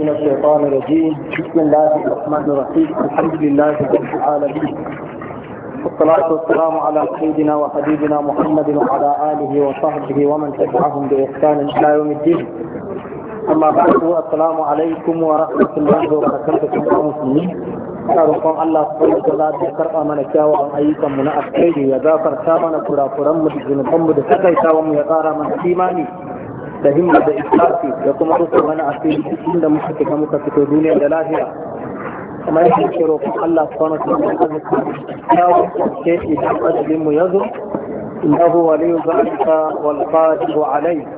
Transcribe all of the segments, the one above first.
من الشيطان الرجيم بسم الله الرحمن الرحيم الحمد لله رب العالمين والصلاة والسلام على سيدنا وحبيبنا محمد وعلى آله وصحبه ومن تبعهم بإحسان إلى يوم الدين أما بعد السلام عليكم ورحمة الله وبركاته يا مسلمين roƙon Allah subhanahu wa ta'ala da karɓa mana kyawawan ayyukan mu na alkhairi ya gafarta mana kurakuran mu da zunuban mu da sakaitawa mu ya tsara mana imani da himma da ikhlasi da kuma rufe mana asiri da muka fita muka fito duniya da lafiya kuma yake ke roƙon Allah subhanahu wa ta'ala ya wuce idan ajalin mu yazo innahu waliyyu dhalika wal qadiru alayhi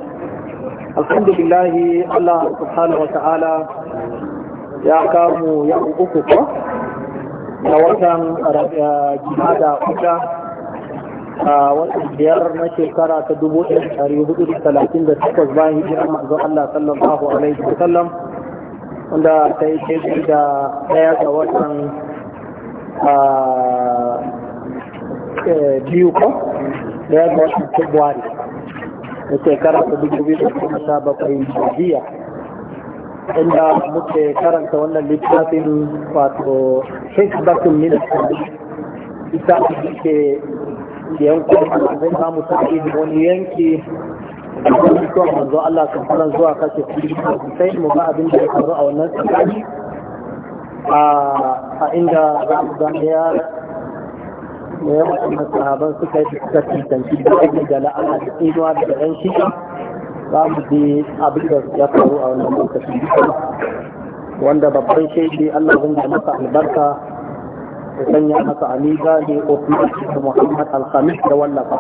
alhamdulillah Allah subhanahu wa ta'ala ya kamu ya uku ko da watan eh, jihada kuka a wata biyar na shekara ta dubu ɗaya ɗari hudu da talatin da takwas bayan hijirar manzon Allah sallallahu alaihi wa sallam wanda ta yi daidai da ɗaya ga watan e, biyu ko ɗaya ga watan Februari na shekara ta dubu biyu da kuma saba bakwai jiya inda muke karanta wannan littafin wato Hizbatun Minista ita ake yankun sai samu sa'i da wani yanki a cikin zuwa manzo Allah kan fara zuwa kashe sai mu ga abin da ya faru a wannan tsakani a inda za mu ga ya da ya waɗanda sahaban suka yi suka tantanci da ake da la'ana da tsinuwa da ɗan shiga za mu bi abin da ya faru a wannan lokacin wanda babban shaidi Allah zai masa albarka da sanya masa amiga ne Osman da Muhammad Alhamis da wallafa.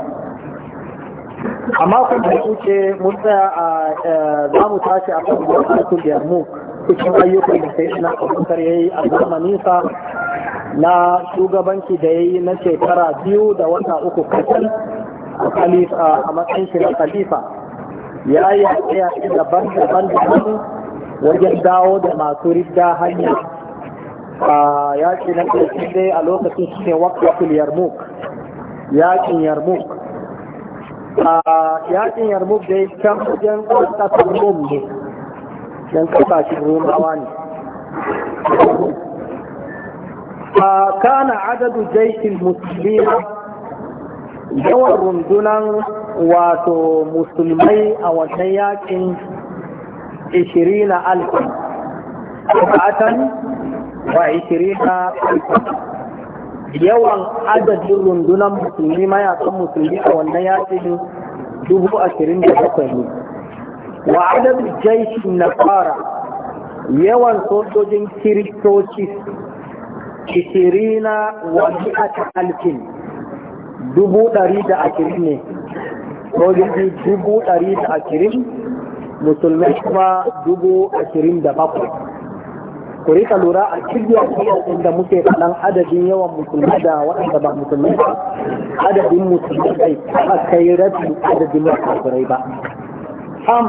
A makon da suke mun tsaya a eh, za mu tashi a kan wasu da mu cikin ayyukan da sai na abubakar ya yi a zamaninsa na shugabanci da ya yi na shekara biyu da wata uku kacal a matsayin shi na khalifa ya yi a tsaye daban-daban da wajen dawo da masu ridda hanyar yaƙi na ƙarfi dai a lokacin shi ne wakil yarmouk yaƙin yarmouk yaƙin yarmouk dai can wajen ƙasar ne don ƙasashen romawa ne kana adadu jaishin musulmi yawan rundunan wato musulmai a wannan yaƙin 20 alfin wa ishirina yawan adadin rundunar musulmi mayakan musulmi a wannan yakin dubu ashirin da bakwai ne wa adadin jaishin na fara yawan sojojin kiristoci ishirina wa mi'ata alfin dubu ɗari da ashirin ne sojoji dubu ɗari da ashirin musulmi kuma dubu ashirin da bakwai ku rika lura a cikin kiyar da muke kaɗan adadin yawan musulmi da waɗanda ba musulmi ba adadin musulmi bai a kai rabin adadin musulmi ba am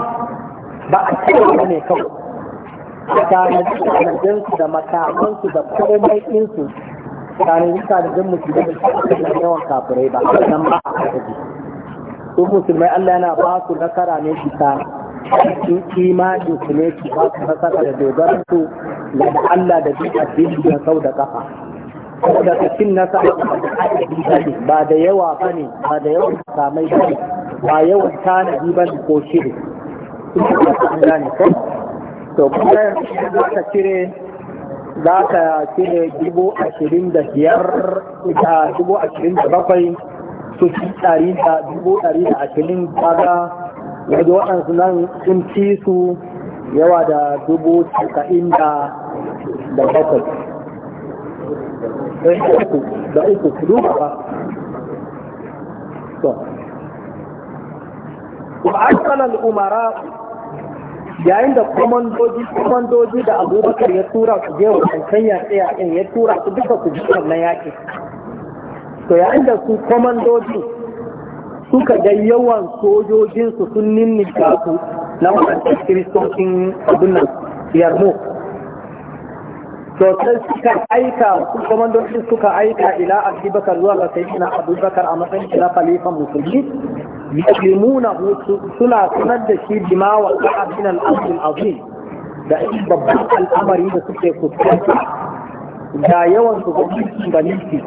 ba a cikin ne kawai tanadinsu da makamansu da komai ɗinsu tanadin tanadin musulmi da da yawan kafirai ba nan ba a adadi su musulmai Allah yana ba su nasara ne bisa cikin imani su ne ki ba su fasaka da dogaran su da Allah da duk addini da sau da kafa saboda ka cin nasara ba da yawa ba ne ba da yawan samai ba ne ba yawan tanadi ba ne ko shiri an gane ko to kuma za ka cire za ka cire dubu ashirin da biyar da dubu ashirin da bakwai su fi ɗari da dubu ɗari da ashirin kaga wajen waɗansu nan sun fi su yawa da dubu casa'in da da uku da uku su duba ba to wa asalan umara yayin da komandoji komandoji da abubakar ya tura su je wa kankan yaƙe ɗin ya tura su duka su ji na yaƙi to yayin da su komandoji suka ga yawan sojojinsu sun ninninka su na waɗansu kiristocin abin nan yarmu sosai suka aika su komandocin suka aika ila abubakar zuwa ga sayyidina abubakar a matsayin kila khalifan musulmi yaslimuna hutu suna sanar da shi bima wa abin al-amr azim da babban al'amari da suke fuskanta da yawan su gwamnati balisi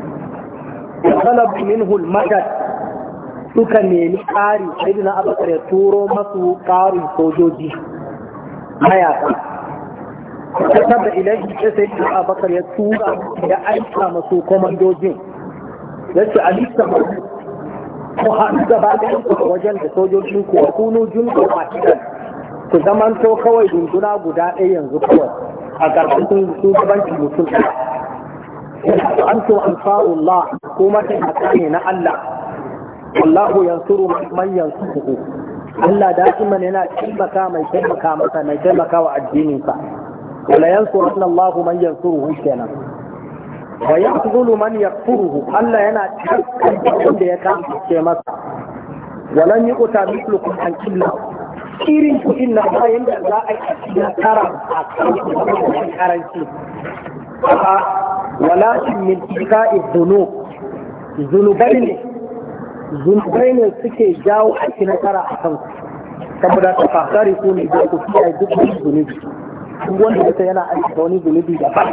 da talab minhu al-madad suka nemi ƙari sai na abakar ya turo masu ƙarin sojoji mayaka kasar da ilahi ta sai na abakar ya tura ya aika masu komandojin ya ce a lissa ko haɗu gaba ɗayan ku wajen da sojoji ku a kunu a makidan ku zamanto kawai dunduna guda ɗaya yanzu kawai a ƙarƙashin shugabancin mutum ɗaya. An so an fa'ullah kuma ta ne na Allah wallahu yansuru man yansuruhu Allah da'iman yana taimaka mai taimaka masa mai taimaka wa addininsa wala yansuranna Allah man yansuruhu kenan wa yaqulu man yaqfuruhu Allah yana taimaka wanda ya kama kamace masa walan yuqta mithlukum an killa irin ku inna bayan da za a yi tara a kan karanci wala min tika'i dhunub zunubai ne zunubai ne suke jawo a ci kara a kan saboda ta fasari ko ne da ku fiye duk wani zunubi kun wanda ya yana aikata wani zunubi da ba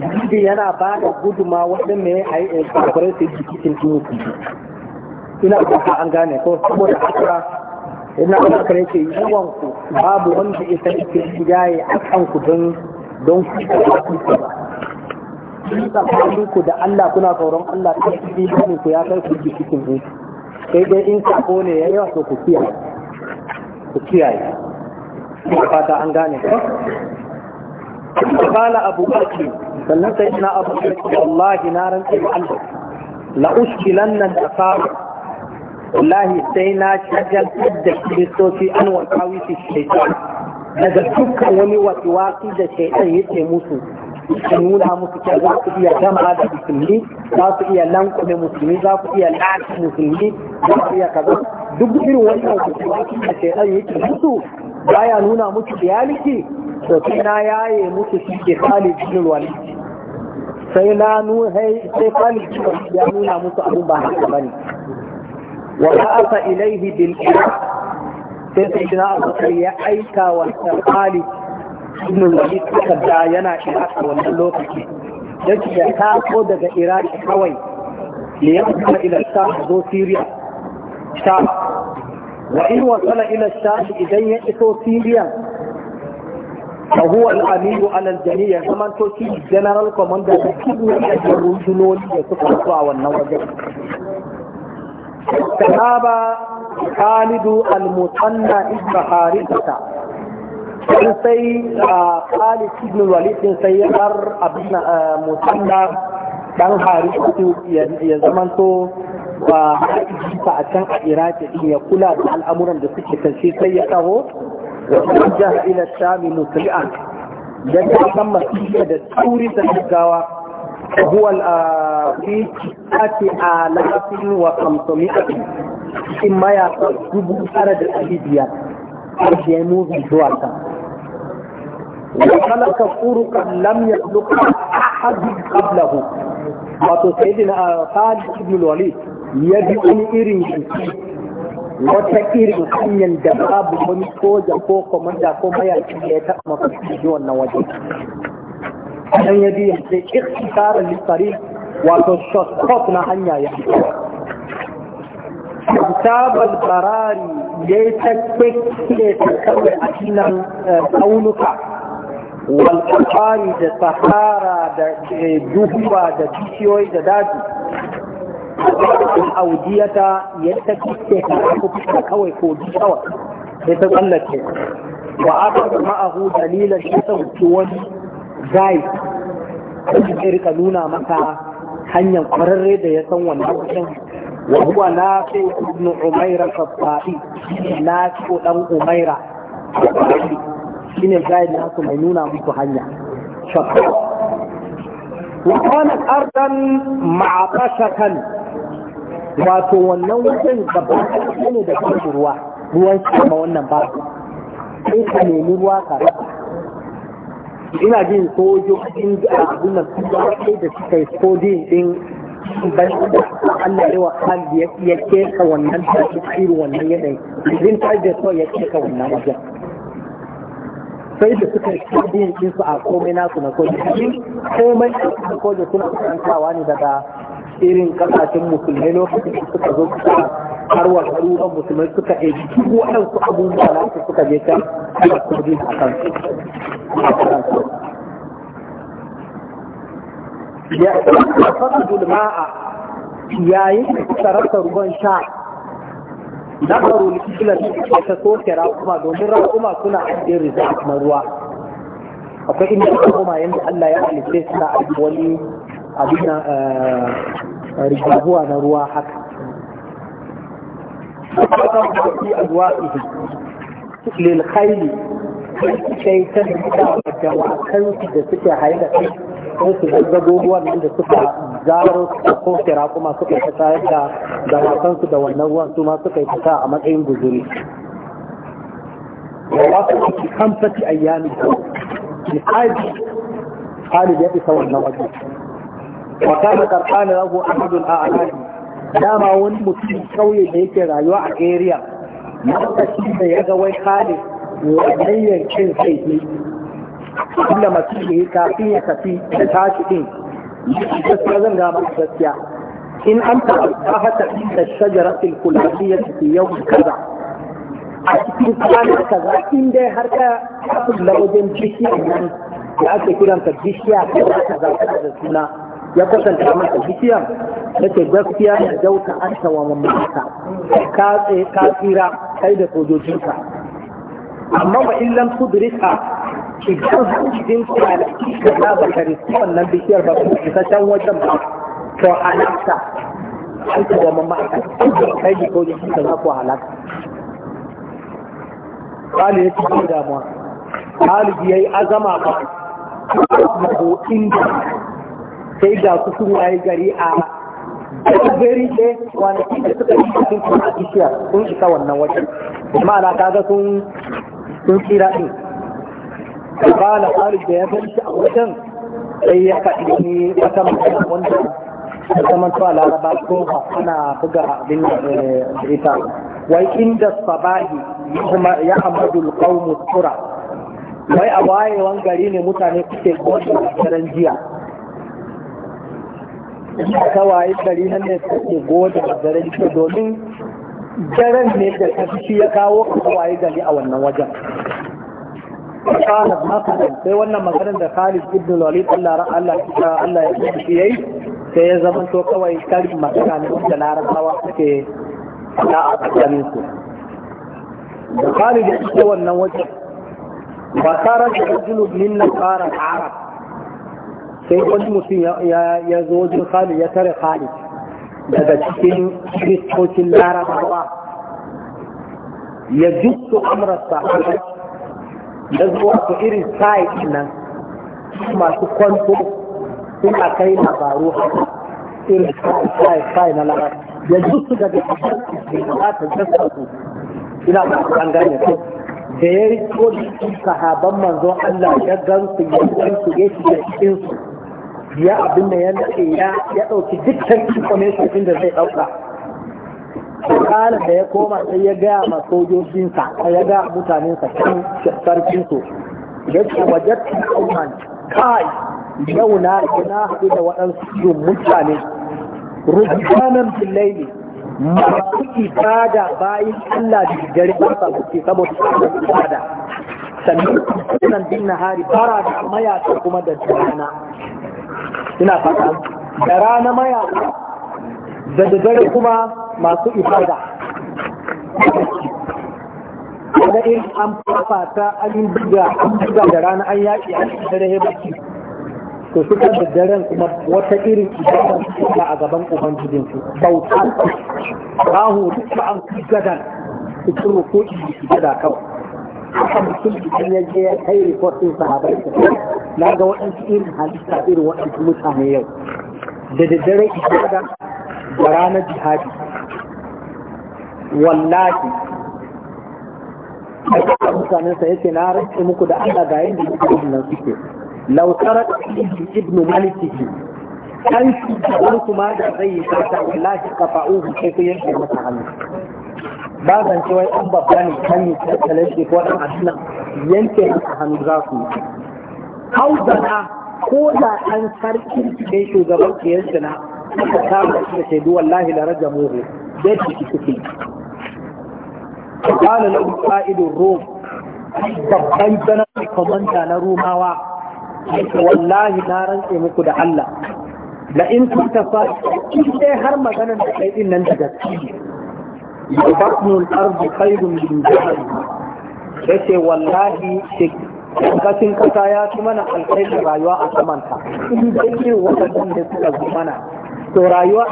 zunubi yana ba da guduma wanda mai a yi eh, kwakware su yi cikin zunubi ina ba an gane ko saboda haka ina ba ka yake yawan ku babu wanda ya san ke gidaye a kan ku don don ku ba in tsakanin ku da Allah kuna tsoron Allah ta fi ne ku ya kai ku ji cikin ku sai dai in sako ne ya yawa to ku kiyaye ku kiyaye ku fata an gane Ku قال أبو بكر sannan sai na abu da wallahi na rantsa da Allah la uskilan nan da fara wallahi sai na shagaltar da kiristoci an wata wisi shaitan daga dukkan wani wasu wasiwasi da shaitan yake musu ka nuna musu cewa za ku iya jama'a da musulmi za ku iya lankume musulmi za ku iya lati musulmi za ku iya kaza duk irin wannan kusurwaki da shaidan yake musu baya nuna musu yaliki to sai na yaye musu shi ke Khalid bin wani sai na nuna sai Khalid bin Walid ya nuna musu abin ba haka bane wa ba'atha ilayhi bil sai sai na ya aika wa Khalid ibn walid da yana iraq a wannan lokaci yake ya taso daga iraq kawai ne ya kuma ila sham zo syria sham wa in wasala ila sham idan ya iso syria fa huwa al-amiru ala al-jamiya zaman to shi general commander da kuma da rundunoni da suka zo a wannan wajen sahaba خالد المثنى ابن حارثه yanzu sai a ah, khalid ibn walid din sai ya bar abin ah, musanna dan harisu ya zama to ba ta a can a iraki din ya kula da al'amuran da suke kan shi sai ya taho wa jaha ila shami musli'an da ta san masifa da turi da gaggawa هو in تسعة آلاف وخمسمائة إما يقول دبو أرد الأبيديات أرجمو في جوارتا خلق طرقا لم يخلقها أحد قبله wato sayyidina ah, Khalid ibn al-Walid ya bi wani irin shi wata irin hanyar da babu wani soja ko komanda ko mayaki da ya taɓa mafarki ji wannan waje dan ya bi yadda ikhtisarar lissari wato shortcut na hanya ya Sabal barari ya yi ta kwekile ta kawai a cikin eh, tsaunuka walƙari da sahara da duhuwa da bishiyoyi da daji a audiyata yadda kike ta kafa ta kawai ko bi sawa sai ta tsallake wa aka da ma'ahu dalilan shi ta wuce wani zai kuma sai nuna maka hanyar kwararre da ya san wannan kusan wa huwa na sai ibn umaira kafafi na ko dan umaira shine guide nasu mai nuna musu hanya wa kanat ardan ma'atashatan wato wannan wajen yi ne da kan ruwa ruwan sama wannan ba sai ka nemi ruwa ka ina jin sojojin da abin da ba kai da suka yi sojin din ban da Allah ya wa kan ya ke ka wannan da irin wannan yanayi jin tajin so ya ke ka wannan wajen sai da suka yi biyan kinsu a komai nasu na soja komai na soja suna kusantawa ne daga irin kasashen musulmi lokacin da suka zo suka harwa ruwan musulmai suka yi duk waɗansu abubuwa na su suka je can suka soji a kan su ya fasa dulma'a yayin da suka rasa ruwan sha nazaru likila da ta soke raƙuma domin raƙuma suna ajiye rizal na ruwa akwai inda aka koma yadda Allah ya halitta suna ajiye wani abin na eh, rigabuwa na ruwa haka Akwai a azuwa ihi lil khayli sai ta da jama'a kansu da suke haida kai sai su ga goguwan nan da suka zaro suka kofira kuma suka yi ta yadda da wasansu da wannan ruwan su ma suka yi ta a matsayin guzuri wasu su kamfaci ayyami da haji halin ya isa wannan waje wa kana karkana lahu ahadun a alhaji dama wani mutum kauye da yake rayuwa a area shi da ya ga wai halin wannan yankin sai inda yi kafin ya tafi da tashi ɗin, gaskiya zan ga masu gaskiya in an taɓa tabbata inda ya tafi yau yawm kaza a cikin da kaza in dai har ka da wajen bishiyar nan da ake kiranta bishiya kaza kaza da suna ya kwatanta masa bishiyar ce gaskiya da dauka an tawa mamaka ka tsira kai da sojojinka amma ba illan kudurika idan hankidin kwanaki ka za ba ka riski wannan bishiyar ba kuma kusa can wajen ba to halatta an ka zama ma'aikata kai ne ko jikin ka za ku halatta kwali ya cikin damuwa kwali ya yi azama ba kuma ko inda sai da ku sun waye gari a gari ne kwanaki da suka yi cikin kwanaki sun isa wannan wajen ma'ana ga sun tsira ɗin قال خالد da ya ganci a wajen sai ya faɗi ne wata magana wanda ta zaman tuwa laraba ko ana buga abin da ita wai inda sabahi ya amadul qawmu tura wai a wayewan gari ne mutane kuke goshin a daren jiya ta waye gari nan ne suke gwada a daren jiya domin daren ne da tafi ya kawo ka waye gari a wannan wajen فقالت مثلا sai wannan maganar da Khalid ibn Walid Allah Allah Allah ya yi yayi sai ya zama to kawai kalmar magana ne wanda Larabawa suke fada a tsakanin su da Khalid ya ce wannan waje ba sara da rajulu min nasara arab sai wani mutum ya zo wajen Khalid ya tare Khalid daga cikin kristocin Larabawa ya jutsu amrar sahabat da zuwa ku irin site nan masu kwanto suna kai labaru irin site na labar yanzu su daga za ta jasa su ina ba su an gane su da ya yi tsohon sahaban manzo Allah ya gan su ya gan su ya shiga cikin su ya abin da ya ya ɗauki dukkan information da zai ɗauka kala da ya koma sai ya gaya ma sojojinsa sai ya gaya mutanensa kan su ya ce wajen kauman kai yau na na haɗu da waɗansu mutane rubutanen billahi masu ibada bayan Allah da gari ba sa suke saboda ibada sannan sunan bin hari fara da mayaka kuma da rana ina fata da rana mayaka da dare kuma masu ibada da in an fafata an yi buga an buga da rana an yaƙi a cikin dare baki to suka da daren kuma wata irin ibada suka a gaban ubangijin su bauta rahu duka an gadan su ci rukuki da kawai haka mutum idan ya je ya kai rikotin sahabai na ga waɗansu irin halitta irin waɗansu mutane yau da daddare ibada da ranar jihadi wallahi a kasa mutanensa yake na rantse muku da Allah ga yadda yake nan suke lautarar ibn maliki kan shugaban kuma da zai yi kasa wallahi kafa'uhu sai ku yanke masa hannu ba zan ce wai an babba ne kan yi tattalin shi ko dan addinan yanke masa hannu za su yi hau zana ko da an sarki ne shugaban ke yanke na aka kama shi da shaidu wallahi la raja muhu da shi suke qala lahu qa'idur rum babban sanar komanda na rumawa wallahi na rantse muku da Allah la in kunta sadiqin sai har maganar da kai din nan da gaske batnul ardi khayrun min jahannam yace wallahi kasin kasa ya fi mana alkhairi rayuwa a samanta in dai irin waɗannan da suka zo mana to rayuwa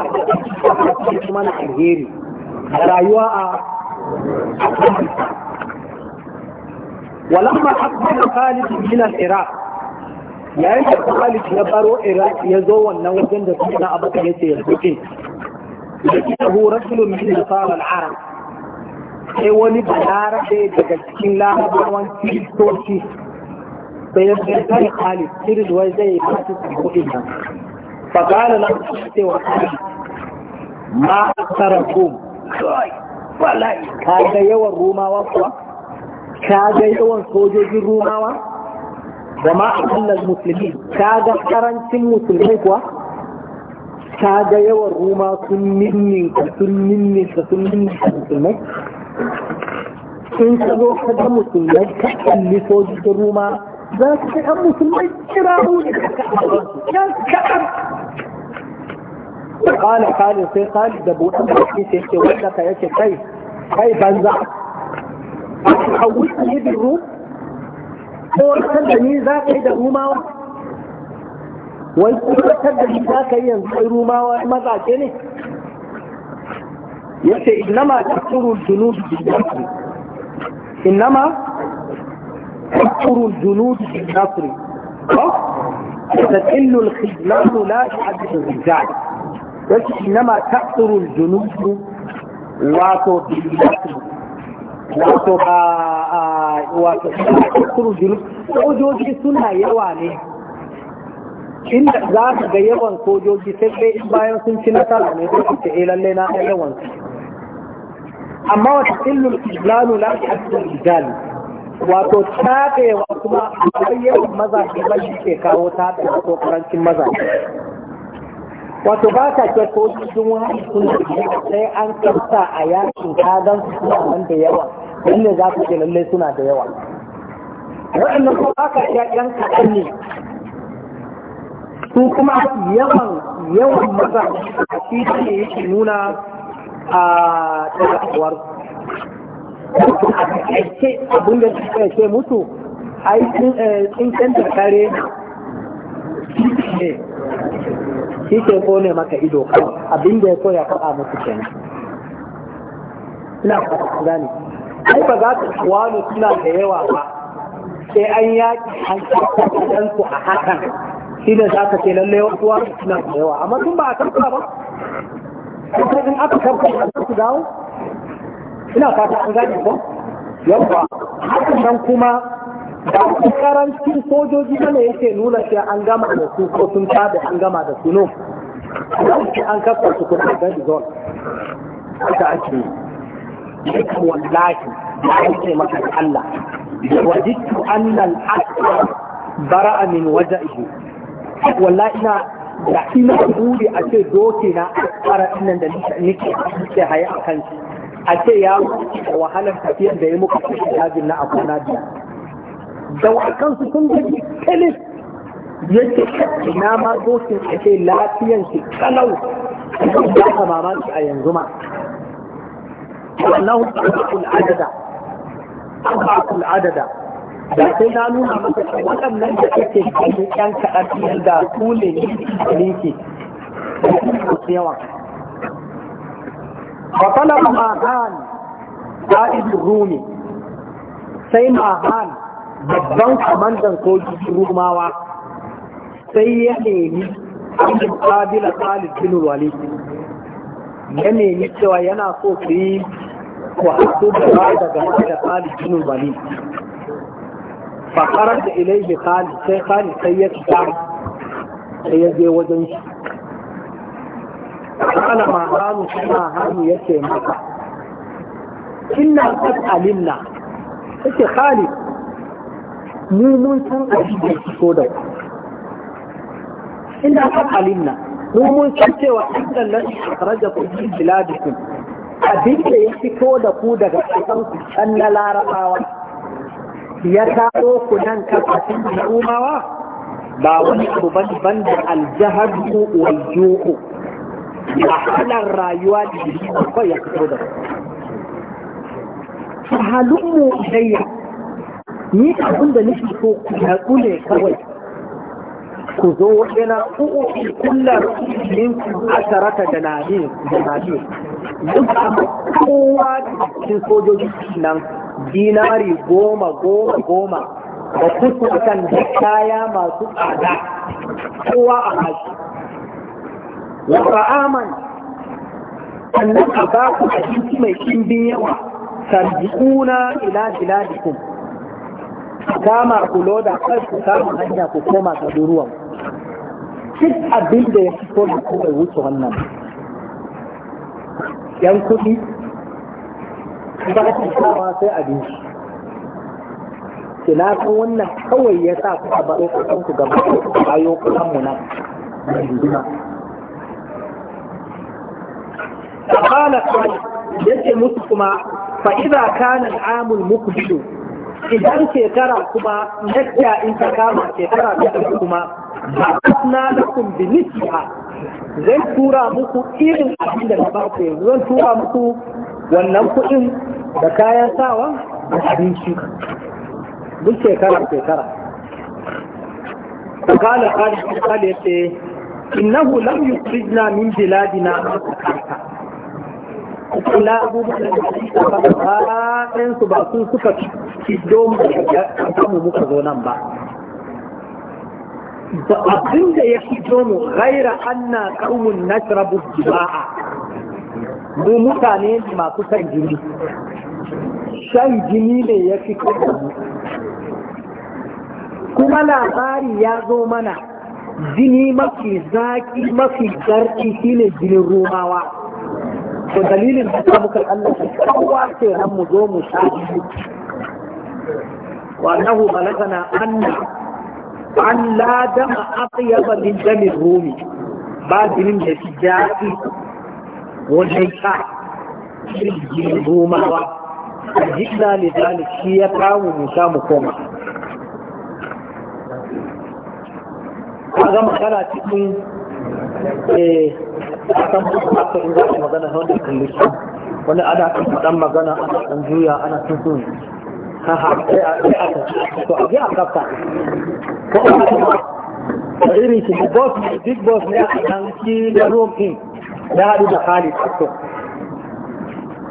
a kuma na alheri rayuwa a walamma akbar khalid min al-iraq yayin da khalid ya baro iraq ya zo wannan wajen da suna abaka yace ya zuke yake rasulun min al-fara al-arab sai wani balarabe daga cikin larabawan kiristoci sai ya zai khalid kirid wai zai yi masu kuɗin nan فقال له ما أكثركم wallahi kaga yawan rumawa kuwa kaga yawan sojojin rumawa da ma akallal musulmi kaga karancin musulmai kuwa kaga yawan ruma sun ninnin sun ninnin sun ninnin musulmai in ka zo ka ga musulmai ka kalli sojojin ruma za su kai an musulmai kira ne yan kaɗan kala kala sai kali da buɗe da shi sai ce wanda ka yake kai kai banza a wuce ne da ru ko wata da ni za ka yi da rumawa wai kuma rasar da ni za ka yi yanzu kai rumawa mazaje ne Ya ce yace innama tasuru dunub bi innama تكثر الجنود في النصر تقل الخذلان لا يحدث الرجال انما تكثر الجنود واتو بالنصر wato ba wato kuru julu sojoji suna yawa ne inda za ka ga yawan sojoji sai dai bayan sun ci nasara ne sai ce eh lalle na yawan amma wata illul islamu la ta'tul ijalu wato wa kuma har yawan mazaje ba shi ke kawo da ko karancin maza. wato ba ta ke ko cikin wani sun sai an kasta a yakin kadan su suna nan da yawa ne za ku ke lalle suna da yawa waɗannan ko ba aka ke yan kaɗan ne su kuma yawan yawan maza a cikin yake nuna a tsakawar aikace abin da suka ce mutu ai tsinken da eh, kare shi ke kone maka ido abin da ya so ya faɗa ke ne, ina faɗa gani ai ba za ka wani suna da yawa ba sai an yaƙi an kaɗan su a hakan shi ne za ka ce lallai wasu wani suna da yawa amma tun ba a karɓa ba sai in aka karɓa su dawo ina fata an gane ko yawwa hakan nan kuma da su karancin sojoji ba ne yake nuna cewa an gama da su ko sun tada an gama da su no an kafa su kuma da zon haka ake yi wallahi ya yi ce maka Allah wajidtu anna al-asra bara'a min waja'ihi wallahi ina da ina buri a ce doke na asara nan da nake nake haye a shi. a ce ya wahalar tafiyar da ya muka kashe yajin na abu na biya da wakansu sun gaji Ya ce ina ma dokin a ce lafiyan shi kalau ya ka mamaki a yanzu ma wannan hukun adada hukun adada da sai na nuna maka waɗannan da ake kashe ƴan kaɗan da su ne ne ke yawan فطلب ماهان قائد الرومي sai mahan babban kwamandan sojojin rumawa sai ya nemi abin kabila khalid bin walid ya nemi cewa yana so su yi kwaso da daga da khalid bin walid fakarar da ilaihi khalid sai khalid sai ya fita sai ya je wajen shi قال ما hannu ya هانو يكي مكة إنا alimna علمنا ce خالد mu mun san abin da ya so da ku inda aka alimna mu mun san cewa inda na akraja ku min biladikum abin da ya fito da ku daga kasan ku can na larabawa ya kawo ku nan kafatin al'umawa ba wani abu ban ban da aljahadu wal ju'u wahalar rayuwa da jiki kawai ya fito da su halin mu idayya ni abin da nake so ku yaƙu ne kawai ku zo yana ƙo'o'i kullar yankin asarata da nabi da nabi duk kowa cikin sojoji nan dinari goma goma goma da kusurkan da kaya masu tsada kowa a haji wa ta'aman sannan a ba ku abinci mai kimbin yawa tarji'una ila biladikum kama ku loda kai ku kama hanya ku koma garuruwan duk abin da ya fito da ku bai wuce wannan yan kuɗi ba ta kama sai abinci na san wannan kawai ya sa kuka baro kusan ku gaba ku bayo kusan mu nan فقال صالح yace musu kuma fa idza kana al'amul muqbilu idan shekara kuma nakka in ta kama shekara ta kuma ba'athna lakum bi mithliha zai tura muku irin abin da ba ku zan tura muku wannan kuɗin da kayan sawa da abinci duk shekara shekara فقال قال قال يتي إنه لم يخرجنا من بلادنا ما سكرت kula abubuwan da suka ba ba su ba su suka fito mu da muka zo nan ba da abin da ya fito mu na anna qaumun nashrabu jibaa mu mutane masu san jini shan jini ne ya fito mu kuma labari ya zo mana jini mafi zaki mafi zarki shine jinin romawa to dalilin da ta muka Allah shi kowa ce nan mu zo mu sha wa annahu balagana anna an la dama aqyaba min damin rumi ba jinin da shi daɗi wajen ka? jirgin rumawa jikna ne zalik shi ya kawo mu sha mu koma ka ga magana cikin eh a kan haka in za a magana wanda kalli shi wani ana kan faɗan magana ana kan juya ana kan sun ha sai a ɗaya aka to a biya a kafa ko a kuma a irin bos, boss big boss ne a kan ki da room ɗin ya haɗu da hali to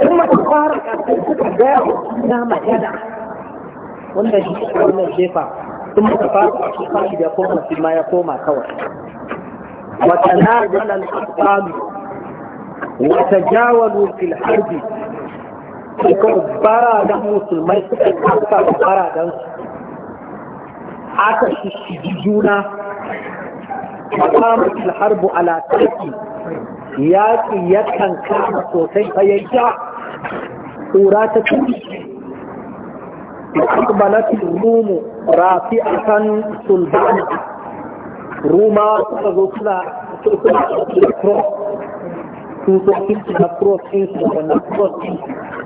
kuma ta fara ƙarfi suka gaya na magana wannan shi wannan jefa kuma ka fara a cikin da koma shi ma ya koma kawai وتنازل الأبطال وتجاوزوا في الحرب كبرى دم المسلمين أكثر كبرى دم حتى تشجدون وقامت الحرب على تركي ياتي يكن كان صوتين فيجع أورات تركي أقبلت الروم رافعة سلبانها Ruma suka zo suna suna cross tutocin su na cross su da wannan cross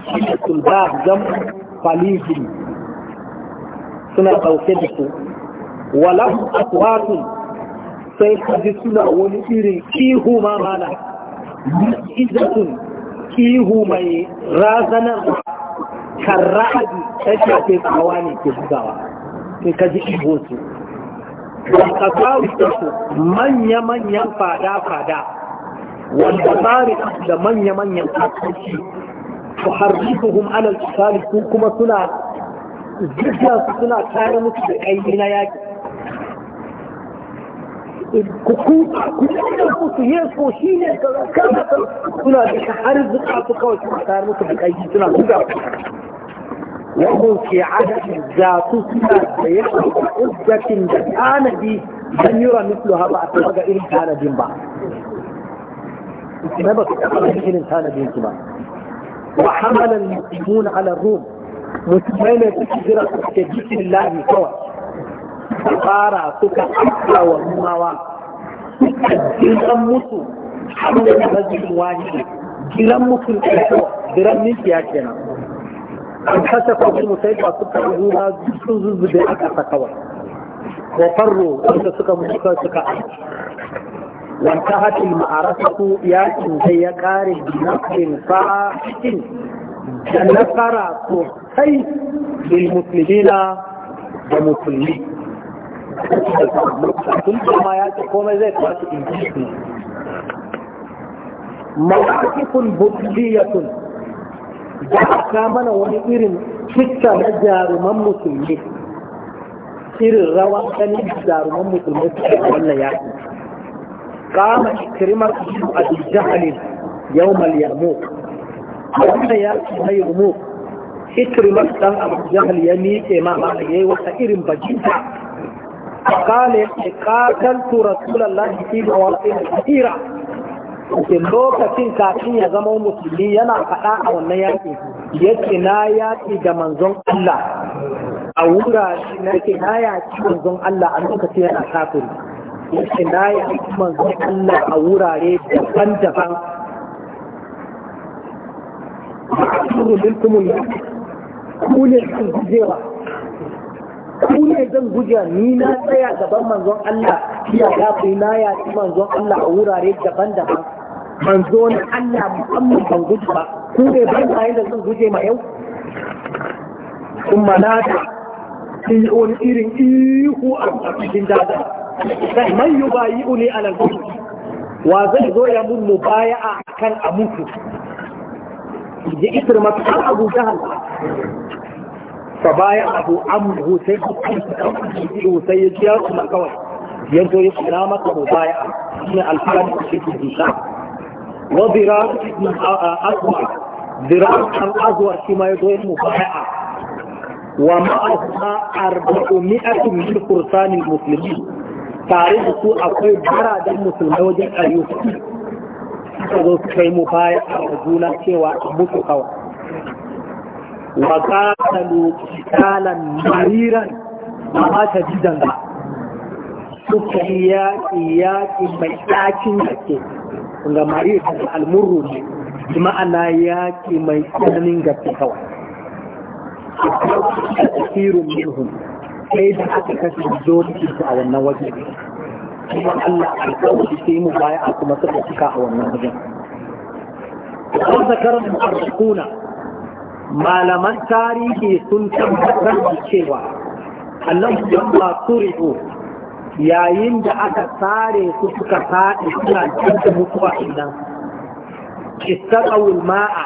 shi da sulba zam falijin suna ɗauke da su walam akwatun sai ka ji suna wani irin ihu ma mana izatun ihu mai razanar kan ra'adi ɗan shafe kawa ne ke bugawa in ka ji ihu su da su manya-manyan fada-fada wanda tsari da manya-manyan kakanci su harbihuhum alal tsari su kuma suna jirgin su suna tare musu da ƙaimi na yaƙi ku kuɗin musu yin so shi ne suna da har zuka su kawai suna tare musu da ƙaimi suna buga وهم في عدد ذات سنة يحفظ عزة دي لن يرى مثلها بعد تبقى إلى تاندي بعد ما بقى إلى تاندي بعد وحمل المسلمون على الروم مسلمين تجرى تجيب الله سوى فقارا سكا أكثر ومواء جرم مسلم حمل المسلم واحد جرم مسلم كوي جرم كنا an kasa kwakwai musai ba su karbi na sun zuzube a ƙasa kawai ko farro wanda suka mutuka suka wanta hati ma'arasatu ya cinta ya kare binafin fa'in da nasara sosai lil musulmina da musulmi sun kuma ya ce komai zai kwasu injisi ma'arasatun bukuliyatun ta mana wani irin fitta na jaruman musulmi irin rawa ganin jaruman musulmi suke wannan yaki kama ikrimar a jahalin yawmal yarmouk wannan yaki na yarmouk ikrimar dan abu jahal ya miƙe ma ma ya yi wata irin bajinta قال قاتلت رسول الله في مواطن كثيره ke lokacin kafin ya zama musulmi yana faɗa a wannan yaƙi yake na yaƙi da manzon Allah a wurare na yake na yaƙi manzon Allah a lokacin yana kafiri yake na yaƙi manzon Allah a wurare daban-daban ma'asuru lilkumul sun gujewa ku zan gujewa ni na tsaya gaban manzon Allah iya gafi na yaƙi manzon Allah a wurare daban-daban manzo na Allah musamman ban gudu ba ku ne ban bayan da zan guje ma yau kuma na ta sun wani irin ihu a cikin dada sai man yi ba yi uni alal gudu wa zai zo ya mun baya a kan a mutu ji isir matuƙar abu jahal fa baya abu amru sai ku e sai ya ji ya kuma kawai yanzu ya kira maka mu baya ne alfalan da shi ke وذراع أسود ذراع أزور كما يقول وما ومعها أربعمائة من فرسان المسلمين تعرف سوء أقوي برا المسلمين وجه أيوب تقول كي مفاحة رجولا كيوا أبوك قوى وقاتلوا قتالا مريرا ما شديدا سكي ياكي ياكي ميتاكي ga mari almurru ne ma'ana yaki mai tsananin gaske kawai kasirun minhum sai da aka kashe zoci a wannan waje kuma Allah alƙawari sai mu baya a kuma suka cika a wannan wajen kan zakarar mu'arrikuna malaman tarihi sun tabbatar da cewa Allah ya ba su yayin da aka tsare su suka faɗi suna cikin mutuwa idan istaqawul ma'a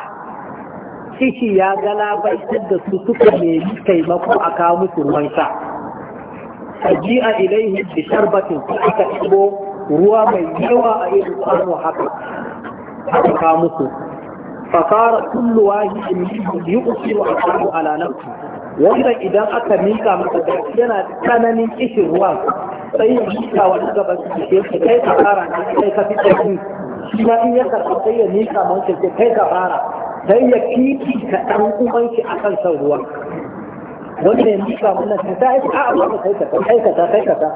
kishi ya galabaitar da su suka nemi taimako a kawo musu ruwan ji a ilaihi bi sharbatin su aka ɗigo ruwa mai yawa a yi kwano haka aka kawo musu fasara kullu wahidin yuqsiru akahu ala nafsi wanda idan aka mika masa yana tsananin kishin ruwan sai ya mika wani gaba su ce kai ka fara kai ka fi tsaki shi ma in ya karɓi sai ya mika man ce kai ka fara sai ya kiki ka ɗan umanci a kan shan ruwa wanda ya mika wannan ta ta aiki a'a wanda kai ka kai ka ta kai ka ta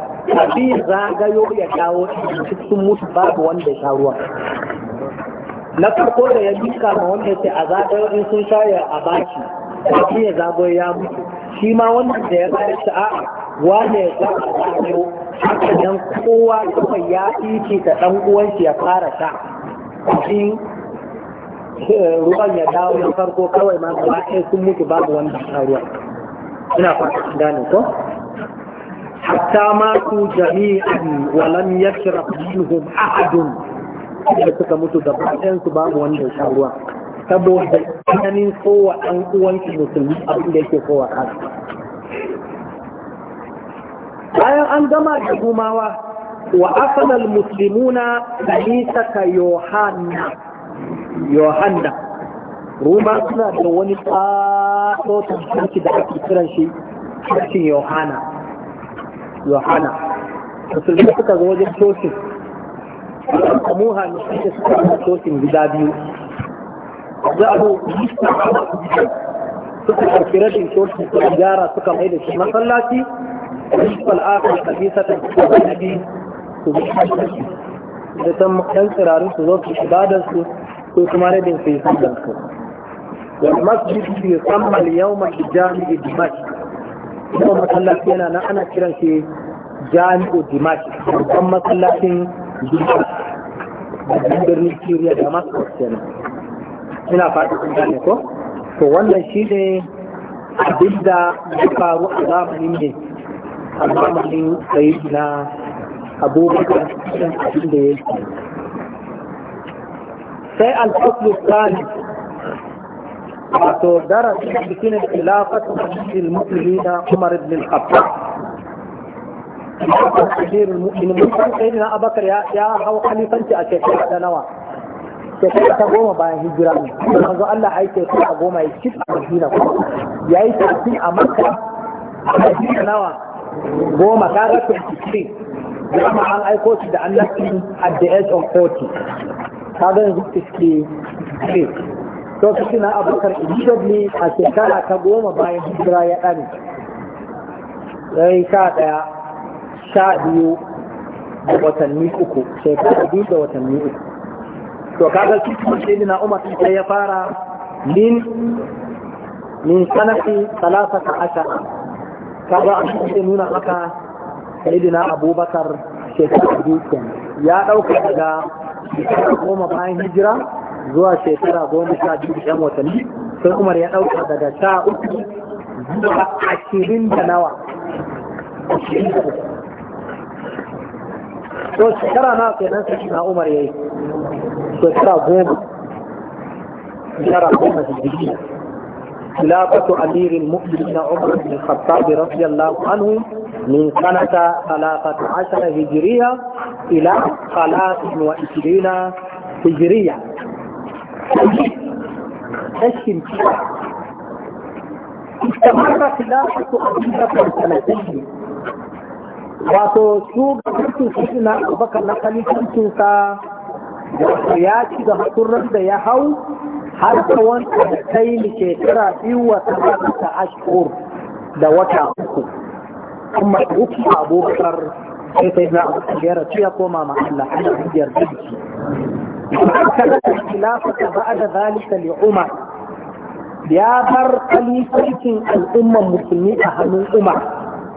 abi zagayo ya dawo cikin mutu babu wanda ya sha ruwa na farko da ya mika ma wanda ce a zagayo in sun sha ya a baki kafin ya zagoya ya mutu shi ma wannan da ya bayar sha'a wane ya zagayo haka nan kowa kawai ya fice ta ɗan uwanshi ya fara sha cikin eh, ruwan ya dawo na farko kawai ma ba ɗaya sun mutu babu wanda sha ruwa. ina fata gane ko hatta su jami'an walam yashrab minhum ahadun da suka mutu gaba ɗayan su babu wanda ya sha saboda tsananin kowa ɗan uwanshi musulmi abin da yake kowa kasu bayan an gama da gumawa wa musulmuna muslimuna kanisaka yohanna yohanna ruma suna da wani tsoton sarki da ake kiran shi sarkin yohana yohana musulmi suka zo wajen cocin kamuha ne suke suka zo cocin gida biyu za a zo suka karfi rashin cocin suka gyara suka mai da shi masallaci ورشق الآخر خبيثة da tsirarin su zo su ibadar su ko kuma rabin su yi su masjid sammal jami'i kuma masallaci yana nan ana kiran shi jami'u dimash babban masallacin Jirgin, babban birnin da masu kenan ina faɗi sun gane ko to wannan shi abinda ya faru a zamanin ne a zamanin sayyidina abubakar cikin abin da ya yi sai al-faslu tsani wato darasin cikin khilafatu al-muslimin Umar ibn al-Khattab كثير المؤمنين سيدنا ابو بكر يا يا هو a انت da nawa, shekara ta goma bayan hijira ne yanzu Allah ya yi shekara goma ya ci a Madina ya yi tafi a Makka a Madina nawa goma ta kaga 23 kuma an aiko shi da annabi at the age of 40 kaga yanzu 63 to su suna abokar immediately a shekara ta goma bayan hijira ya ɗari sai sha ɗaya sha biyu da watanni uku shekara biyu da watanni uku to kaga su kuma sai na umar sai ya fara min min sanati talatata ashara kaga an ce nuna maka sayyidina abubakar shekara biyu ya ɗauka daga shekara goma bayan hijira zuwa shekara goma sha biyu da yan watanni sai umar ya ɗauka daga sha uku zuwa ashirin da nawa to shekara na ke nan sai na umar ya yi shekara goma shekara goma da biyu خلافة أمير المؤمنين عمر بن الخطاب رضي الله عنه من سنة 13 هجرية إلى 23 هجرية. استمر خلافة أمير المؤمنين سنتين واتو سوق بنت سيدنا أبو بكر نقل سنتوكا وحياتي ده حطر رفض يا حو har tsawon kai shekara biyu wa ta ashkur da wata uku kuma uku abokar sai sai na abu ya rasu ya koma ma Allah ana hujjar dinki kada ta khilafa ta ba'da zalika li Umar ya bar kalifancin al'umman musulmi a hannun Umar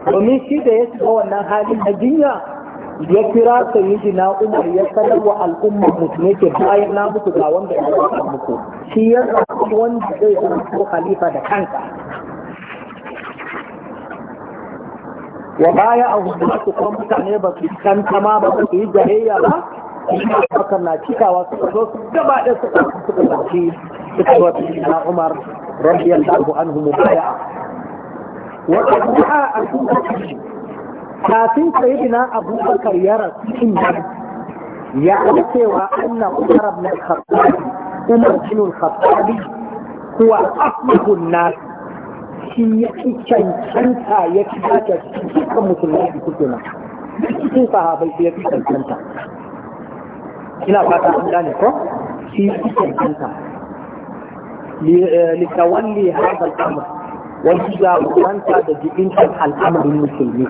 domin shi da ya shiga wannan halin na jinya ya kira sayyidina Umar ya sanar wa al'umma mutum ke bayan na mutu ga wanda ya zama muku shi ya zaɓi wanda zai zama khalifa da kanka wa baya a hukumar su kuma mutane ba su kan tama ba su yi jahayya ba ina bakar na cikawa suka zo su gaba ɗaya suka suka zarci suka zo su na Umar radiyallahu anhu mubaya'a wa qad a al-umma kafin sayyidina abubakar ya rasu inda ya cewa anna umar ibn al-khattab umar ibn al-khattab huwa aslihu nas shi ya ci cancanta ya ci dace cikin musulmai da kuke nan cikin sahabai ya ci cancanta ina fata an gane ko shi ya ci cancanta eh, litawalli hadha al-amr wani jagoranta da jibintar al'amarin musulmi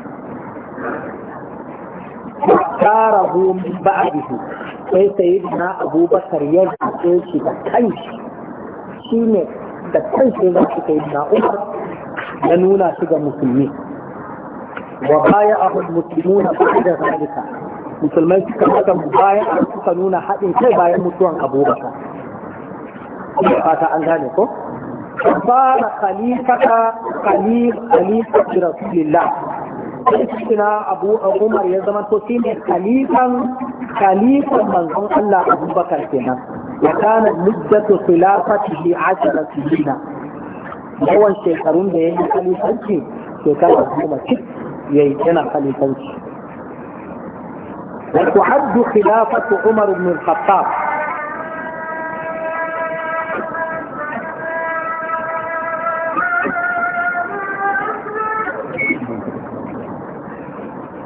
فاختاره من بعده sai sayyidina abubakar ya zaɓe shi da kanshi shi ne da kanshi za su sayyidina umar ya nuna shi ga musulmi wa baya a musulmi na ba da zalika musulmai suka haka baya an suka nuna haɗin kai bayan mutuwan abubakar fata an gane ko fara khalifata khalifatu rasulillah na abu umar ya zama to shi ne khalifan khalifan manzon Allah abubakar kenan wa kana muddatu khilafatihi ashara sinina yawan shekarun da yayi khalifanci shekara goma cik yayi yana khalifanci wa tuhaddu khilafatu umar ibn al-khattab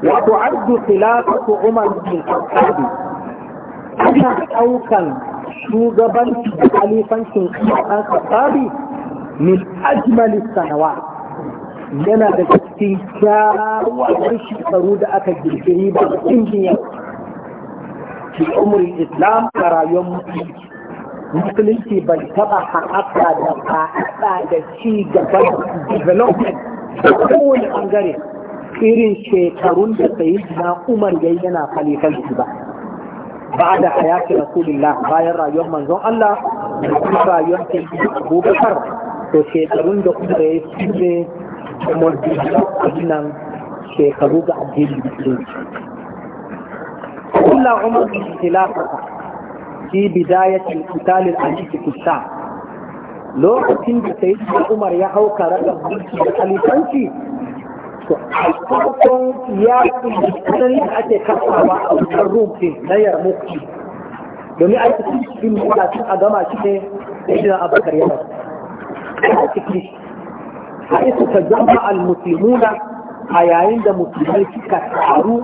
وتعد خلافة عمر بن الخطاب أنا أوكل شوغبا خليفا عمر الخطاب من أجمل السنوات yana da cikin kyawar shekaru da aka girgiri ingiyar injiniya fi islam musulunci bai taɓa haɓaka da faɗaɗa da ci gaba da development da kowane ɓangare irin shekarun da sayi na umar ya yana khalifanci ba ba da hayati rasulullah bayan rayuwar manzon Allah da kuma rayuwar ta abubakar to shekarun da umar ya yi ne kuma nan shekaru ga addinin musulunci kulla umar bin khilafata fi bidayatil qital al-anif fi sham lokacin da sayyidina umar ya hauka raga mulki da khalifanci to a farkon ya kusurin da ake kasawa a wutar rumfin na yarmuki domin aiki cikin cikin mutacin a gama shi ne da shi na abokar yana a ciki a isa ta zama al-musulmuna a yayin da musulmai suka taru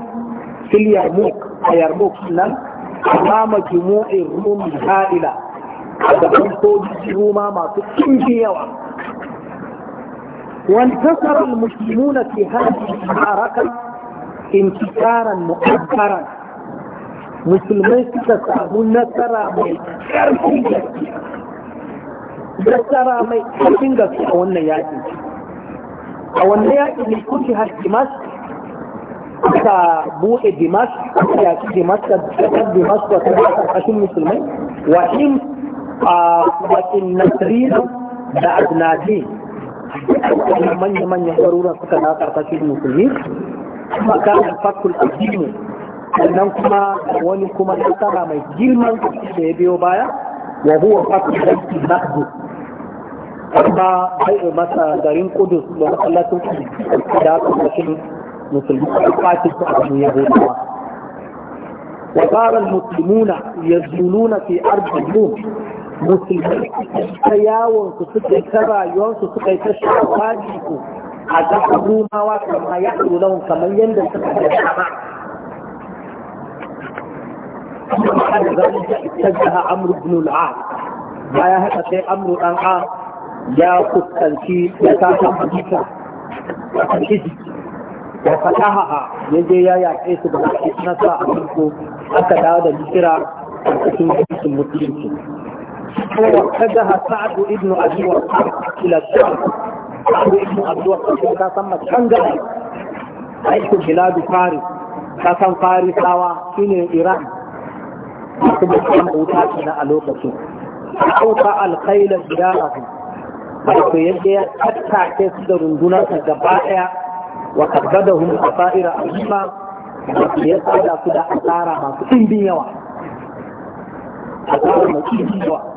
fil yarmuk a yarmuk nan amama jumu'in rumi ha'ila a gaban sojoji ruma masu kimfi yawa وانتصر المسلمون في هذه المعركة انتصارا مؤثرا مسلمين تسعبوا نصر من كرسي نصر من كرسي نصر نياتي يأتي أولنا من كل هالدمشق حتى بوء دمشق يأتي دمشق تسعب دمشق وتسعب عشر مسلمين وإن آه وإن نصرين بعد نادين manya manyan garuruwan suka na karkashin musulmi kuma kan fakul addini sannan kuma wani kuma tara mai girman da ya biyo baya wa huwa fakul addini mahdu amma bai masa garin kudus da masallacin kudus da karkashin musulmi a kafin su a duniya hudawa وصار المسلمون يزولون في أرض الروم musulmi ta yawon su suke ta rayuwar su suka yi ta shafa jiko a ƙasa rumawa kamar ya ɗora kamar yadda suka yi shafa sajjaha amru ibn ba ya haka sai amru a ya fuskanci ya kasa ta. ya fata ha'a ya je ya yaƙe su da hadisi na sa a aka dawo da jikira a cikin hadisin musulunci ووحدها سعد بن ابي وقاص الى الشام سعد بن ابي وقاص ta san macangare aikin biladu faris ta san farisawa shine iran su ba san wuta kina a lokacin auka alkhaila bidalahu wato yadda ya tattake su da rundunarsa gaba daya wa kabbadahum asaira azima ya tsada su da asara masu ɗimbin yawa asara masu ɗimbin yawa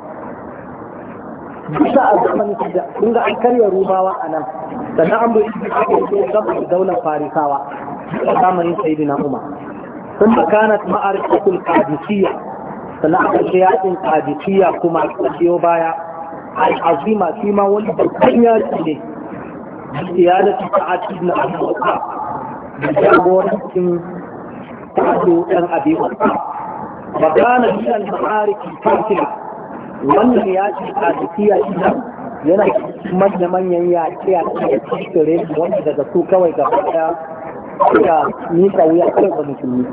za a zamani da kun ga an karya rubawa a nan sannan an bai ake da daular farisawa a zamanin sayyidina umar sun makanat ma'arikatul qadisiyya sannan aka ce yakin qadisiyya kuma a biyo baya al'azima shi ma wani babban yaki ne da ta ta'ati na abu da jagorancin ta'adu dan abi bakana shi al wannan ya ce a tafiya ita yana manya manyan ya ce a cikin tsire wanda daga su kawai ga fata suka nisa wuya kawai ga musulmi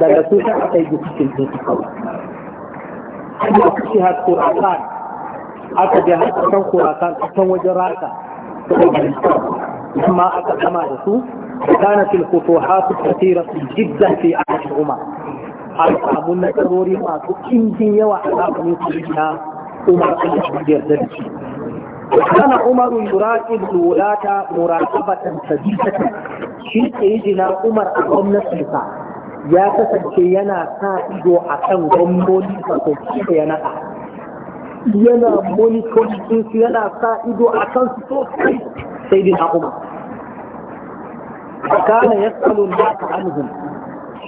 daga su kan aka yi cikin su kawai aka kashe har kurakan aka je har kan kurakan kan wajen raka ثم أقدم رسول كانت الفتوحات كثيرة جدا في أحد الأمم an samu nasarori masu kinjin yawa a zamanin sayyidina umar da yarda da shi كان عمر يراقب الولاة مراقبة شديدة شيء سيدنا عمر أقوم نسلسا ya kasance yana sa ido a kan gwamnoni sosai da ya yana monitorin su yana sa ido a kan su sosai sai din umar kana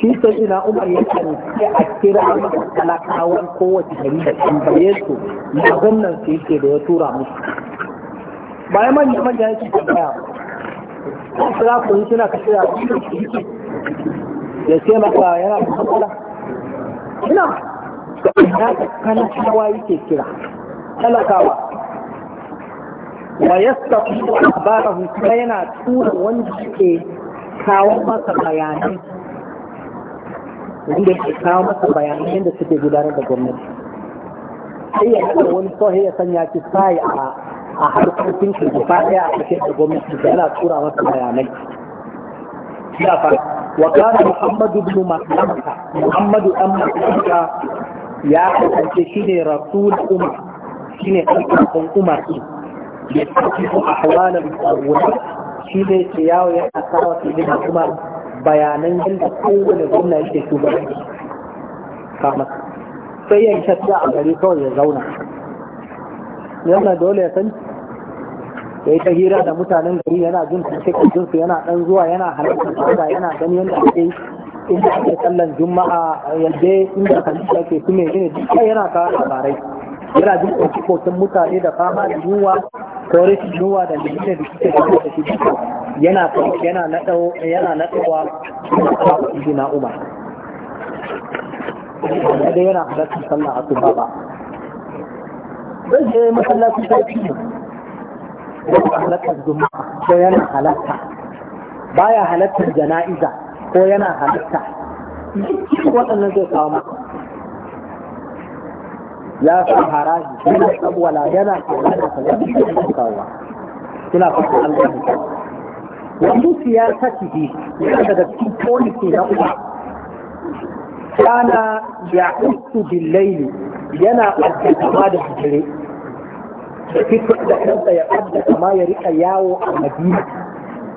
shi sai ina umar ya kan a kira talakawan kowace gari da tambaye su na gwamnan su yake da ya tura musu bayan manya manya yake tambaya ba kira ku yi suna kashe da ya ce maka yana da matsala ina da ina da talakawa yake kira talakawa wa yasta kuma abarahun hukuma yana tura wanda suke kawo masa bayanai wanda ya kawo masa bayanan yadda suke gudanar da gwamnati sai ya haɗa wani sohe ya sanya ki sai a a harkokin shi da fata a cikin da gwamnati da yana tura masa bayanai ya fa wa kana muhammadu ibn maslamka muhammadu dan maslamka ya kasance shine rasul umar shine ɗan umar ya tafi ahwalan awwal shi ne ya yawo ya kawo su ne kuma bayanan yadda kowane gwamna yake ka kama sai ya kyakya a gari kawai ya zauna yana dole ya san ya yi ta hira da mutanen gari yana jin kusurkusun su yana dan zuwa yana halarta tsada yana gani yadda ake yi inda ake sallan juma'a yadda inda kan ke su mai gini duka yana kawo labarai yana jin ɗauki kokin mutane da fama da yunwa ko rashin yunwa da jikin da suke da da shi yana yana naɗawa yana naɗawa na umar da yana halartar sallah a tuba ba zai je masallaci ta fi yana halartar juma'a ko yana halarta baya halartar jana'iza ko yana halarta waɗannan zai kawo maka ya san haraji yana tsabwala yana kalada kalada suna fata Allah wa dukiya ta ciki daga cikin ke na uba kana ya usu billaili yana ɓadda kama da hijire fito da kansa ya ɓadda kama ya rika yawo a madina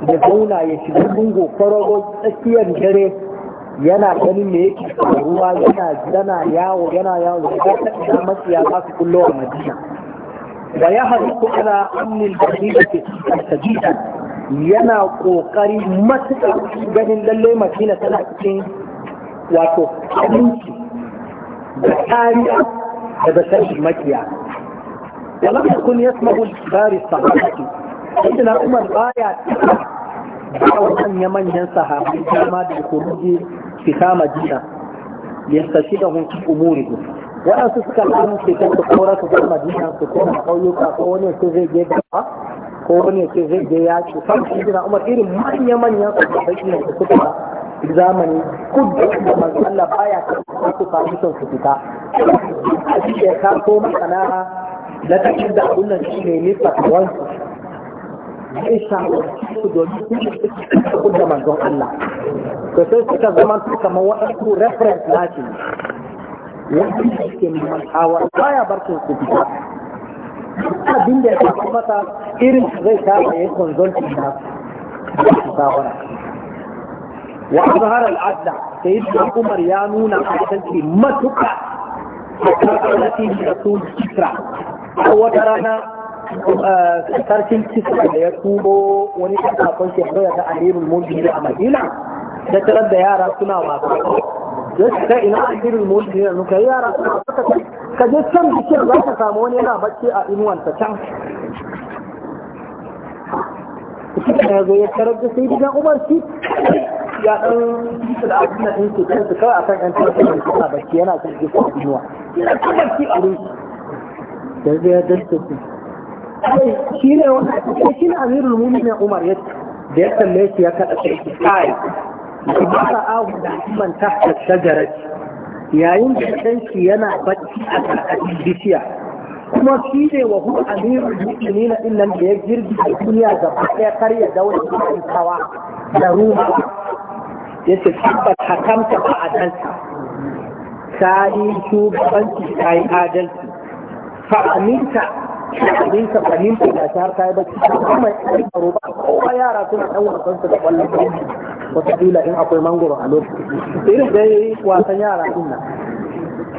da zauna ya shiga lungo kwararo tsakiyar dare yana ganin me yake ruwa yana jana yawo yana yawo da ta ina makiya za su kullo a madina wa ya hadu hariku ala amnil barida ke tajida yana kokari matuƙa ganin lalle madina tana cikin wato aminci da kariya daga sashin makiya ولم يكن يسمع لكبار الصحابة سيدنا عمر بايع دعوة من يمن ينسى ما بالخروج fita madina yastashidahum fi umurihim waɗansu suka lamu ke kan su kora su kan madina su koma ƙauyuka ko wani su zai je gaba ko wani su zai je ya yaƙi kan su jira umar irin manya manyan tsofaffi ne su suka zamani kudu da manzo Allah baya kan su son su fita a cikin ka ko masana na cikin da abun nan shi ne nisa wansu zai shawarci su domin su da manzon Allah to sai suka zama su kamar waɗansu reference nashi wanda yake neman hawa baya barkin su fita abin da ya tafi mata irin zai kama ya konzolti na su, shawara wa azhar al sai sayyidina Umar ya nuna kasance matuka ta kallati rasul kisra ko wata rana eh, sarkin kisra da ya tubo wani kan kafin shi ya ga amirul mu'minin a Madina da tarar da yara suna wasa don ta ina an girin mulki ne nuka yara suna ka je can bikin za ka samu wani yana bacci a inuwanta can suka ya zo ya tarar da sai gidan umar shi ya ɗan da abin da ɗin ke kan su kawai akan ɗan tarar da suna bacci yana kan ke kan inuwa yana kuma shi a rufi da zai ya danta su shi ne wani shi ne amirul mumin umar ya da ya kalle shi ya kaɗa sai kai فرآه نائما تحت الشجرة yayin da kanki yana bacci a karkashin bishiya kuma shi ne wa hu amirul mu'minina din nan da ya girgi da duniya ga ya karya daular kawa da ruwa yace tabbas hakamta ba adalta sai shugabanci kai adalci fa aminta aminta fahimta da ta kai bacci kuma mai tsaro ba kowa yara suna dan wasan su da kwallon wataƙila in akwai mangoro a lokacin irin yi wasan yara din nan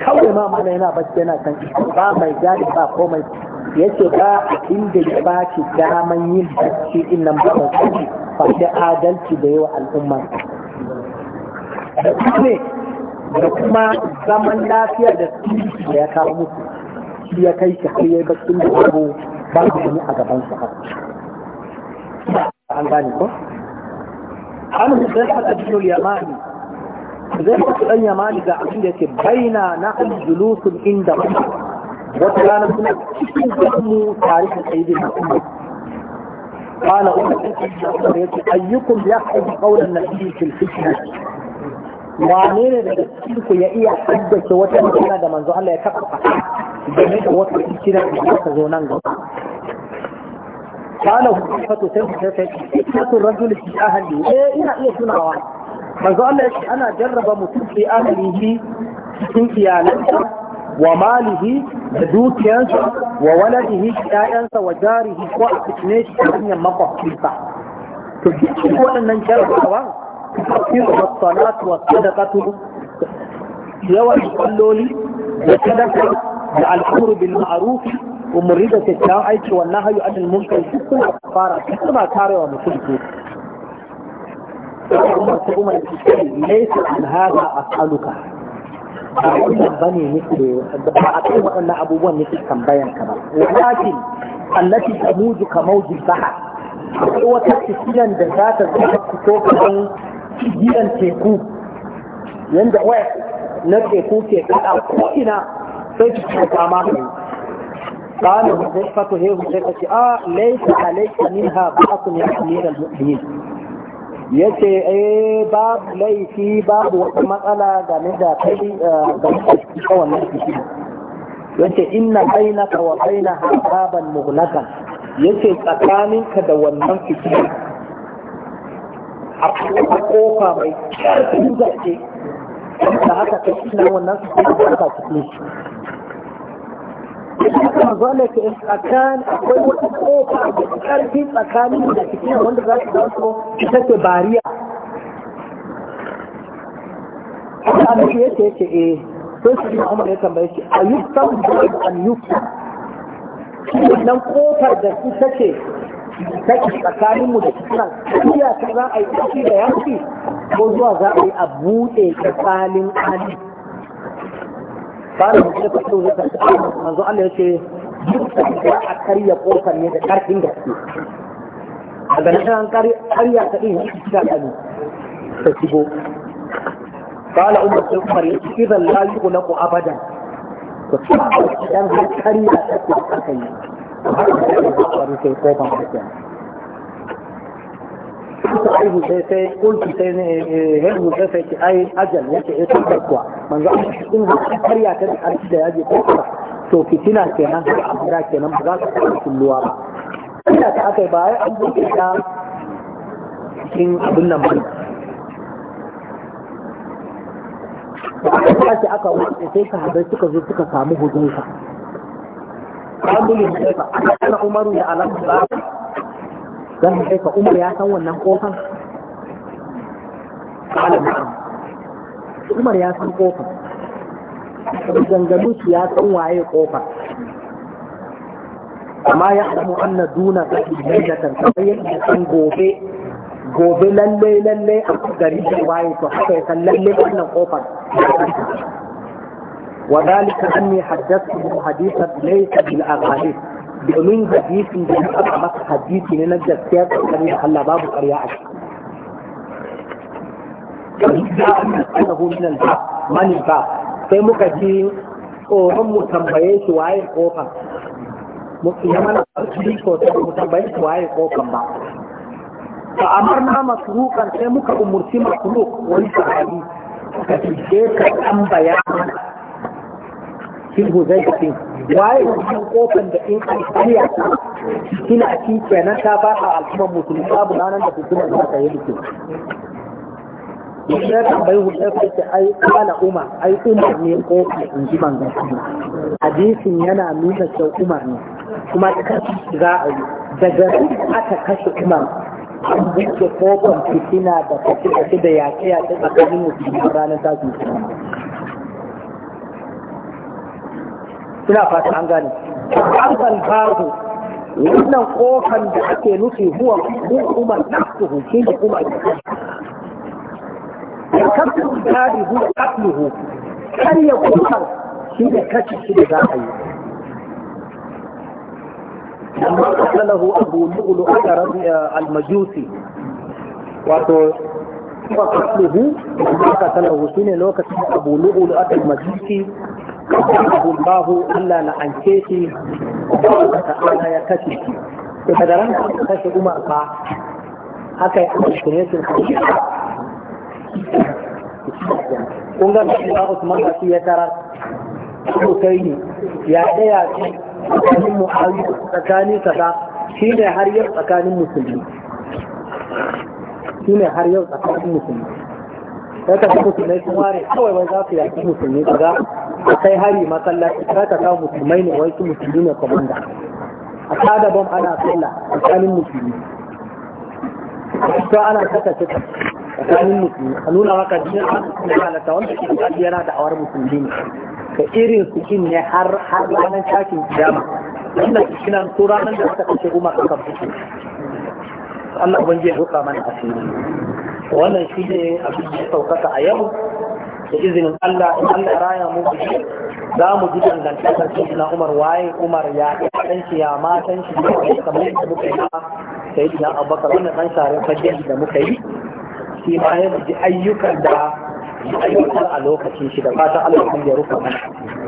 kawai ma mana yana bacci yana kan ba mai gadi ba komai ce ba inda ya ba ki daman yin bacci din nan ba ba adalci da yawa al'umma ne da kuma zaman lafiya da da ya kawo musu ya kai shi har yayi baccin da babu ba su a gaban Ba an gane ko an zai bin al-yamani zai fata dan yamani ga abin da yake baina na al-julusun inda wata rana suna cikin gamu tare da sayyidin Muhammad قال أيكم يحفظ قول النبي في الفتنة wane ne daga cikinku ya iya haddace wata magana da manzo Allah ya kafa game da wata cikina da aka zo nan gaba قالوا صفته صفه الرجل في اهله ايه هنا ايه شنا واحد من قال انا جرب مصيب في اهله في سيالته وماله بدوت ينسى وولده ينسى وجاره وقت نيش الدنيا ما بسيطه تجيب ولن ننجرب طبعا التفكير والصلاة يا يوم الصلولي وصدقة مع الأمر بالمعروف umarni da kyakkyawan aiki wannan hayu adal munkar duk suna fara duk suna karewa mutum ko umar ko umar laysa an hada as'aluka ba wannan bane nake ba a kan waɗannan abubuwan nake tambayan ka ba walakin allati tamuju ka mawjin bahar akwai wata tisilan da za ta zama fito kaman gidan teku yanda waya na teku ke kada ko ina sai ki kama mai قال حذيفة هي حذيفة آه ليس عليك منها بأس يا أمير المؤمنين yace eh babu laifi babu wata matsala game da kai game da wannan kishi yace inna ka wa bainaha baban mughlaqan yace tsakaninka da wannan kishi akwai kofa mai karfi da ke da haka kai wannan kishi da ka cikin akwai wata kofa da da wanda za su ita ce bariya ya ce sai su umar ya tambaye shi a yi san an yi wannan kofar da su take ta tsakanin mu da cikin iya ta za a yi da yanki ko zuwa za a yi a buɗe tsakanin alif bana mu kuma kashe wani kashe manzo da a karya kofar ne da karfin da ke daga nan an kari karya ta din ta kani ta shigo bana umma ta kare idan la yi abada to kuma dan har karya ta ke kakanni har da ya ba ku sai kofar ta kenan suka aihu sai sai kulki sai ne hezu eh, sai sai ki ai ajal yake ita eh, kuwa manzo in har karya ta da arki da yaje ko to fitina kenan har abura kenan ba za su ta kulluwa ba ina ta akai ba ai an buke ta cikin abin nan ba aka aka wuce sai ka haɗa suka zo suka samu hudunsa. Abulin Hudaifa, ana Umaru da Alamu ba zan mu ka umar ya san wannan kofan umar ya san kofan gangamin ya san waye kofan amma ya samu anna duna ta kashi da kamar da san gobe gobe lalle lalle a gari da waye to haka ya san lalle wannan kofar وذلك أني حدثته حديثا ليس بالأغاليب domin hadisi da ya aka masa hadisi ne na gaskiya tsakanin da Allah babu ƙarya a ciki. Annahu min al-ba man ba sai muka ji tsoron mu tambaye shi waye kofan. Mu ya mana shi ko sai mu tambaye shi waye kofan ba. Fa amarna masruqan sai muka umurci masruq wani sahabi ka je ka tambaya mana zai huzaifatin waye wannan kofan da in an kariya kina ci kenan ta ba a al'umman musulmi babu ranar da hukumar za ta yi bikin Yadda ya tambayi hudaifa ce ai kala Uma ai Uma ne ko in ji ban gaskiya. Hadisin yana nuna cewa Uma ne kuma kashi za a yi daga aka kashe umar an buke kofan fitina da kashe-kashe da yaƙe-yaƙe tsakanin musulmi ranar tashin ina fata an gane amsal babu wannan kofan da ake nufi huwa umar nafsuhu shi ne umar ya kasu tsari huwa akluhu karya kofar shi ne kashi shi da za a yi amma kasalahu abu lu'ulu aka rabu eh, al-majusi wato kuma kasluhu da kasalahu shi ne lokacin abu lu'ulu aka majusi bahu, Allah na anke shi ta'ala ya kashe shi to daga ran da kashe Umar fa haka ya kashe shi kun ga shi ba Usman da shi ya tarar ko kai ne ya daya tsakanin mu'awiyu tsakanin kaza shine har yau tsakanin musulmi shine har yau tsakanin musulmi ya ka musulmai sun ware kawai wai za su yaki musulmi kaza a kai hari masallaci za ka samu musulmai ne wai su musulmi ne komanda a tada bom ana sallah tsakanin musulmi to ana saka saka tsakanin musulmi a nuna maka jinin an da halatta wanda ke da yana da awar musulmi ne ka irin su kin ne har har ranar tashin kiyama wannan kinan ko ranar da aka kace Umar aka fice Allah ubangiji ya huka mana asiri wannan shi ne abin da ya saukaka a yau da izinin Allah in Allah raya mu za mu ji dangantakar sayyidina Umar waye Umar ya dan shi ya matan shi kamar yadda muka yi da Abubakar wannan dan sare fajin da muka yi shi ma ya ji ayyukan da ayyukan a lokacin shi da fatan Allah ya rufe mana